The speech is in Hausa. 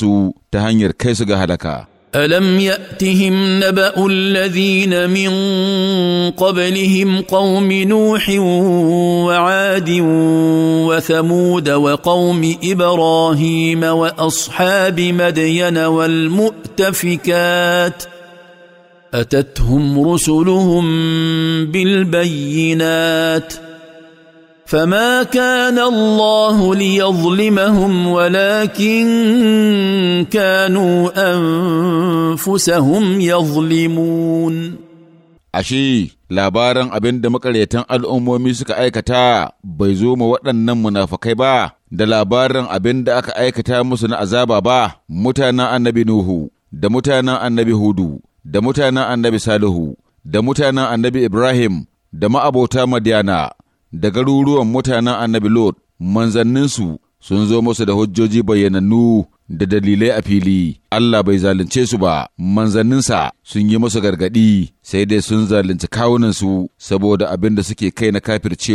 su ta hanyar kai su ga halaka. ألم يأتهم نبأ الذين من قبلهم قوم نوح وعاد وثمود وقوم إبراهيم وأصحاب مدين والمؤتفكات أتتهم رسلهم بالبينات ۖ فما كان الله ليظلمهم ولكن كانوا انفسهم يظلمون ashe labaran abin da makaryatan al'ummomi suka aikata bai zo ma waɗannan munafakai ba da labarin abin da aka aikata musu na azaba ba mutanen annabi nuhu da mutanen annabi hudu da mutanen annabi salihu da mutanen annabi ibrahim da ma'abota madiyana da garuruwan mutanen annabi Lot, manzanninsu sun zo masa da hujjoji bayyanannu da dalilai a fili, Allah bai zalunce su ba, manzanninsa sun yi masa gargaɗi, sai dai sun zalunci kawunansu saboda abin da suke kai na kafircewa.